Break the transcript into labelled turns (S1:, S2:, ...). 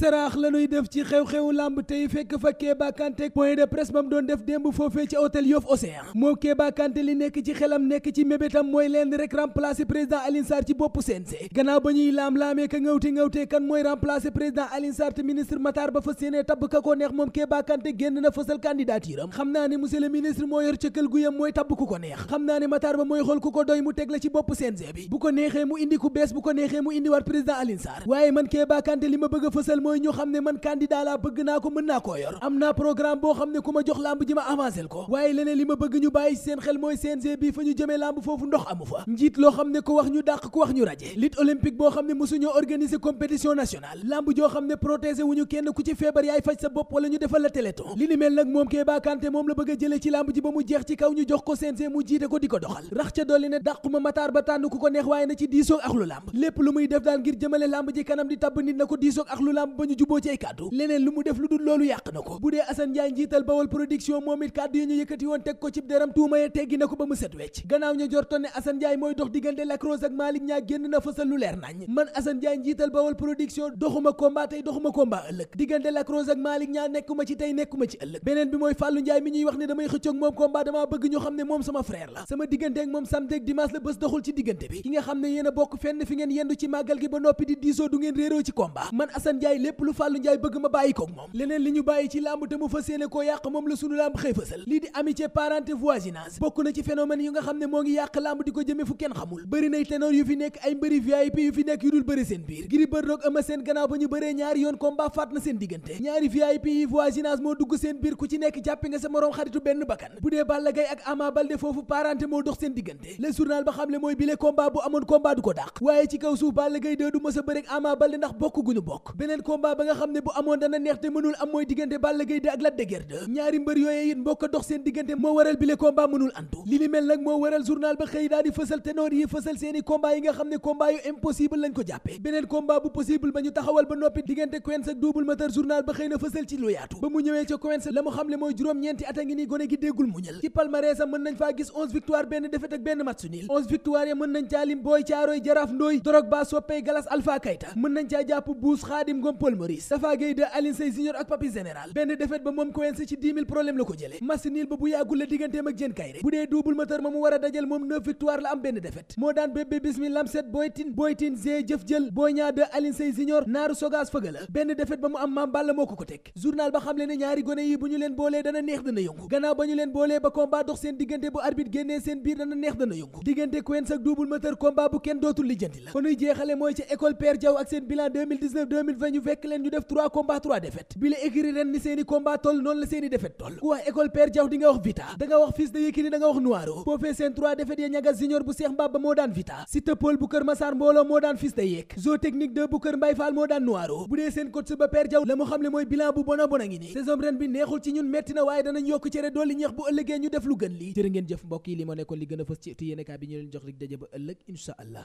S1: saraax lanuy def ci xew-xewu lamb tey fekk fa Kéba point de presse ba doon def démb foofee ci hôtel Yoff Océan moom Kéba li nekk ci xelam nekk ci mébétam mooy leen rek remplacer président Alioune Sarr ci boppu CNG gannaaw ba ñuy laam-laamee ka ngawti ngawtee kan mooy remplacer président Alioune te ministre Matar ba fa séenee tabb ka ko neex moom Kéba génn na fësal candidature am xam naa ne monsieur le ministre moo yor cëkkal gu mooy mooy ñoo xam ne man candidat laa bëgg naa ko mën naa koo yor am naa programme boo xam ne ku ma jox lamb ji ma avancé ko waaye leneen li ma bëgg ñu bàyyi seen xel mooy CNG bii fa ñu jëmee foofu ndox amu fa loo xam ne ku wax ñu dàq wax ñu raje lutte olympique boo xam ne mosuñoo organiser compétition nationale lamb joo xam ne protéger wu ñu kenn ku ci feebar yaay faj sa bopp wala ñu defal la téléthon li ni nag moom Kéba moom la bëgg a jëlee ci lamb ji ba mu jeex ci kaw ñu jox ko CNG mu jiite ko di ko doxal rax ca dolli ne dàquma mataar ba tànn ku ko neex waaye na ci diisoog ak lu lépp lu muy def daal ngir jëmale lamb ji kanam di tabb nit na ko diisoog ak lu itam ba ñu juboo ci ay kàddu leneen lu mu def lu dul loolu yàq na ko bu dee Assane Ndiaye njiital Bawol production moom it kàddu yi yëkkati woon teg ko cib deram tuuma teggi na ko ba mu set wecc gannaaw ñu jortoon ne Assane Ndiaye mooy dox diggante Lac ak Malick Niang génn na fësal lu leer man Assane Ndiaye njiital Bawol production doxuma combat tey doxuma combat ëllëg diggante Lac ak Malick Niang nekkuma ci tey nekkuma ci ëllëg beneen bi mooy Fallou Ndiaye lépp lu Fallou Ndiaye bëgg ma bàyyi koog moom leneen li ñu bàyyi ci làmb te mu fas yéene koo yàq moom la sunu làmb xëy fasal lii di amitié parenté voisinage bokk na ci phénomène yu nga xam ne moo ngi yàq làmb di ko jëme fu kenn xamul bëri nay ténor yu fi nekk ay mbëri VIP yu fi nekk yu dul bëri seen biir Gris Bordeaux ak Eumeu Sène gannaaw ba ñu bëree ñaari yoon combat faat na seen diggante ñaari VIP yi voisinage moo dugg seen biir ku ci nekk jàppi nga sa moroom benn bakkan bu dee Balla Gaye ak Ama Baldé diggante le journal ba xam mooy bile combat bu amoon combat du ko dàq waaye ci kaw suuf Balla Gaye 2 a bëre Ama Baldé ndax bokk guñu bokk beneen combat ba nga xam ne bu amoon dana neex te mënul am mooy diggante Balla Gaye 2 ak Lac de ñaari mbër yooyee it mbokk dox seen diggante moo waral bile combat mënul antu li nag moo waral journal ba xëy daal di fësal ténor yi fësal seeni combat yi nga xam ne combat yu impossible lañ ko jàppe beneen combat bu possible ba ñu taxawal ba noppi diggante Quench ak Double Moteur journal ba xëy na fësal ci lu yaatu ba mu ñëwee ca Quench la mu xam le Paul Maurice Tapha Gueye de Alioune Sèye Junior ba moom Quench ci 10 la ko jële match ba bu yàggul la digganteem ak Diène Kaïré bu dee double moteur ma mu war dajal moom 9 victoire la am benn défaite moo daan bébé bismi lamset boytin boytin g jëf jël Boy Niang de Alioune Sèye Junior naaru sogaas fëga la benn défaite ba mu am Mame Balla moo ko ko teg journal ba xam ne ñaari gone yi bu ñu leen boolee dana neex fekk leen ñu def 3 combats 3 défaites bi la écurie ren ni seeni combat toll noonu la seeni défaites toll ku wax école Père Diaw di wax Vita da nga wax fils de Yékini da nga wax Noiro foofee seen 3 défaites ya ñagas junior bu Seex Mbaba moo daan Vita Siteu Paul bu Kër Massar mbooloo moo daan fils de Yék Zo technique 2 bu Kër Mbay moo daan Noiro bu dee seen coach ba Père Diaw la mu xam le mooy bilan bu bona bona ngi ni saison ren bi neexul a fës